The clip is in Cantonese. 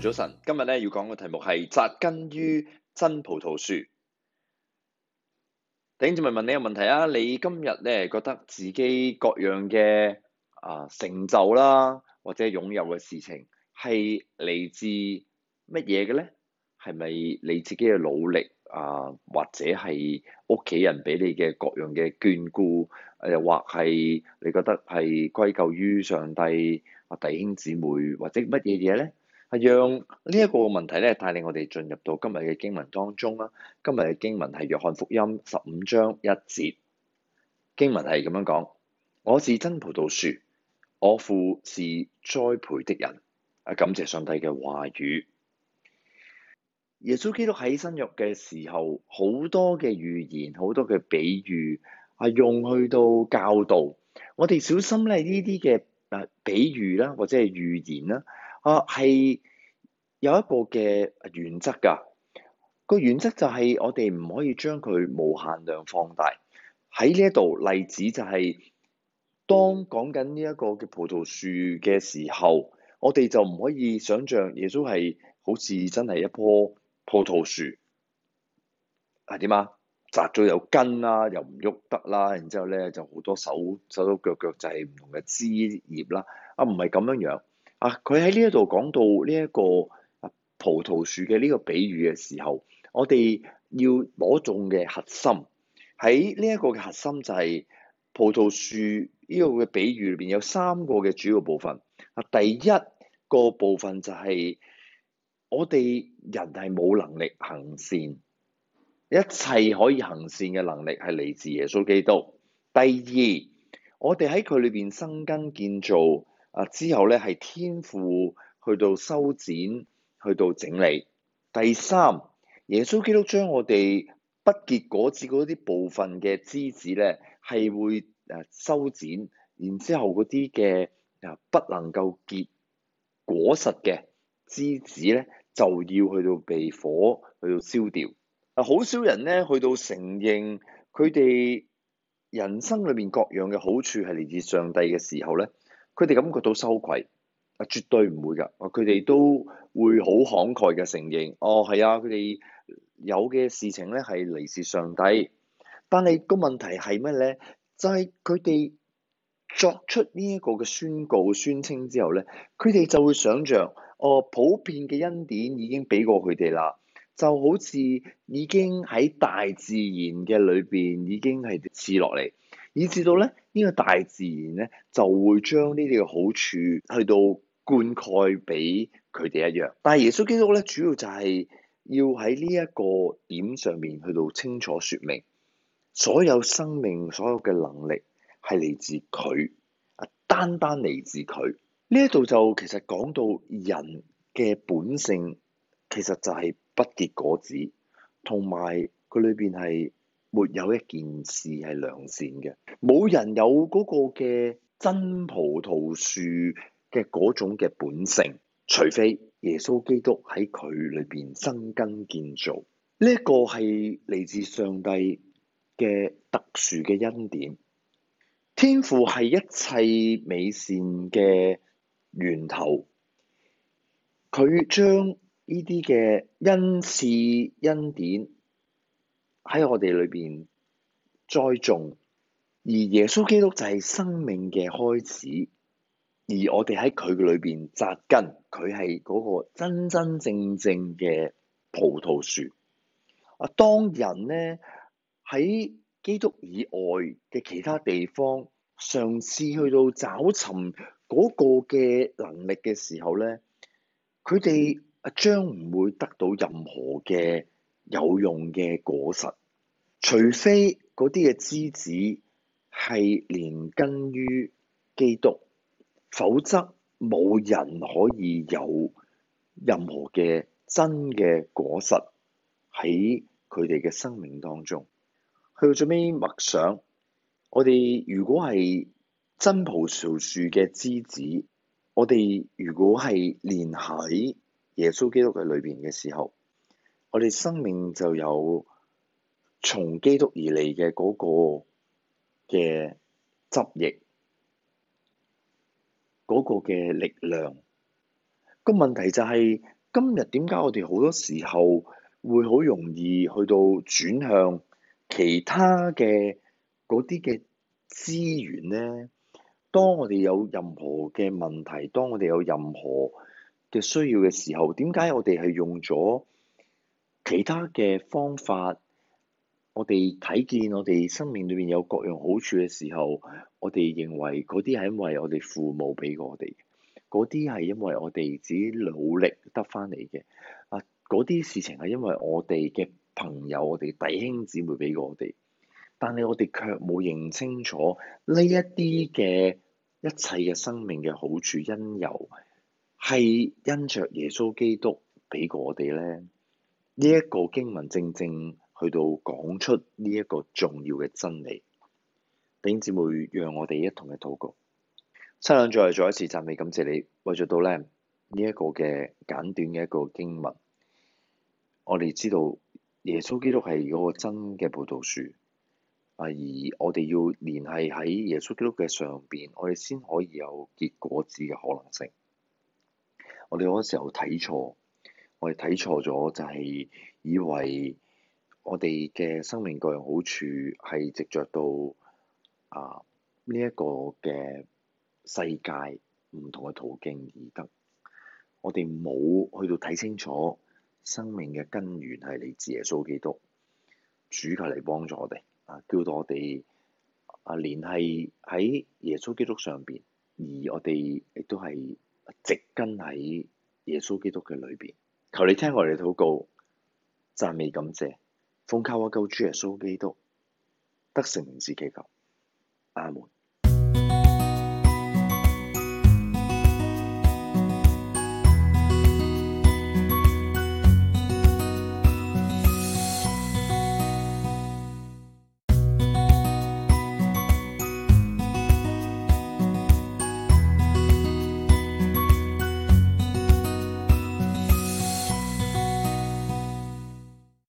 早晨，今日咧要講嘅題目係紮根於真葡萄樹。弟兄姊妹，問你個問題啊，你今日咧覺得自己各樣嘅啊成就啦，或者擁有嘅事情係嚟自乜嘢嘅咧？係咪你自己嘅努力啊，或者係屋企人俾你嘅各樣嘅眷顧，又、啊、或係你覺得係歸咎於上帝啊，弟兄姊妹或者乜嘢嘢咧？係讓呢一個問題咧帶領我哋進入到今日嘅經文當中啦。今日嘅經文係約翰福音十五章一節，經文係咁樣講：我是真葡萄樹，我父是栽培的人。啊，感謝上帝嘅話語。耶穌基督喺新約嘅時候，好多嘅預言，好多嘅比喻，係用去到教導我哋。小心咧呢啲嘅啊比喻啦，或者係預言啦。啊，係有一個嘅原則㗎。個原則就係我哋唔可以將佢無限量放大。喺呢一度例子就係、是、當講緊呢一個嘅葡萄樹嘅時候，我哋就唔可以想象耶穌係好似真係一棵葡萄樹係點啊？摘咗有根啦，又唔喐得啦，然之後咧就好多手手手腳腳就係唔同嘅枝葉啦。啊，唔係咁樣樣。啊！佢喺呢一度講到呢一個葡萄樹嘅呢個比喻嘅時候，我哋要攞種嘅核心。喺呢一個嘅核心就係葡萄樹呢個嘅比喻裏邊有三個嘅主要部分。啊，第一個部分就係我哋人係冇能力行善，一切可以行善嘅能力係嚟自耶穌基督。第二，我哋喺佢裏邊生根建造。啊！之後咧係天父去到修剪，去到整理。第三，耶穌基督將我哋不結果子嗰啲部分嘅枝子咧，係會誒修剪，然之後嗰啲嘅啊不能夠結果實嘅枝子咧，就要去到被火去到燒掉。啊！好少人咧去到承認佢哋人生裏面各樣嘅好處係嚟自上帝嘅時候咧。佢哋感覺到羞愧啊，絕對唔會㗎！佢哋都會好慷慨嘅承認。哦，係啊，佢哋有嘅事情咧係嚟自上帝。但係個問題係咩咧？就係佢哋作出呢一個嘅宣告宣稱之後咧，佢哋就會想像，哦，普遍嘅恩典已經俾過佢哋啦，就好似已經喺大自然嘅裏邊已經係賜落嚟，以至到咧。呢個大自然咧，就會將呢啲嘅好處去到灌溉俾佢哋一樣。但係耶穌基督咧，主要就係要喺呢一個點上面去到清楚説明，所有生命、所有嘅能力係嚟自佢，啊，單單嚟自佢。呢一度就其實講到人嘅本性，其實就係不結果子，同埋佢裏邊係。沒有一件事係良善嘅，冇人有嗰個嘅真葡萄樹嘅嗰種嘅本性，除非耶穌基督喺佢裏邊生根建造。呢、這、一個係嚟自上帝嘅特殊嘅恩典，天父係一切美善嘅源頭，佢將呢啲嘅恩賜、恩典。喺我哋裏邊栽種，而耶穌基督就係生命嘅開始，而我哋喺佢嘅裏邊紮根，佢係嗰個真真正正嘅葡萄樹。啊，當人呢喺基督以外嘅其他地方，嘗試去到找尋嗰個嘅能力嘅時候呢，佢哋啊將唔會得到任何嘅有用嘅果實。除非嗰啲嘅枝子係連根於基督，否則冇人可以有任何嘅真嘅果實喺佢哋嘅生命當中。去到最尾默想，我哋如果係真葡萄樹嘅枝子，我哋如果係連喺耶穌基督嘅裏邊嘅時候，我哋生命就有，從基督而嚟嘅嗰個嘅汁液、嗰個嘅力量，個問題就係今日點解我哋好多時候會好容易去到轉向其他嘅嗰啲嘅資源呢？當我哋有任何嘅問題，當我哋有任何嘅需要嘅時候，點解我哋係用咗其他嘅方法？我哋睇見我哋生命裏面有各樣好處嘅時候，我哋認為嗰啲係因為我哋父母俾我哋，嗰啲係因為我哋自己努力得翻嚟嘅。啊，嗰啲事情係因為我哋嘅朋友、我哋弟兄姊妹俾我哋，但係我哋卻冇認清楚呢一啲嘅一切嘅生命嘅好處因由，係因着耶穌基督俾過我哋咧。呢一個經文正正，去到講出呢一個重要嘅真理，弟兄姊妹，讓我哋一同嘅禱告。親倆再再一次讚美感謝你，為咗到咧呢一、這個嘅簡短嘅一個經文，我哋知道耶穌基督係嗰個真嘅葡萄樹啊，而我哋要連係喺耶穌基督嘅上邊，我哋先可以有結果子嘅可能性。我哋嗰個時候睇錯，我哋睇錯咗，就係以為。我哋嘅生命各人好處係藉著到啊呢一個嘅世界唔同嘅途徑而得。我哋冇去到睇清楚生命嘅根源係嚟自耶穌基督，主佢嚟幫助我哋啊，叫到我哋啊聯繫喺耶穌基督上邊，而我哋亦都係植根喺耶穌基督嘅裏邊。求你聽我哋禱告，讚美感謝。奉靠我救主耶穌基督得勝名字祈求，阿門。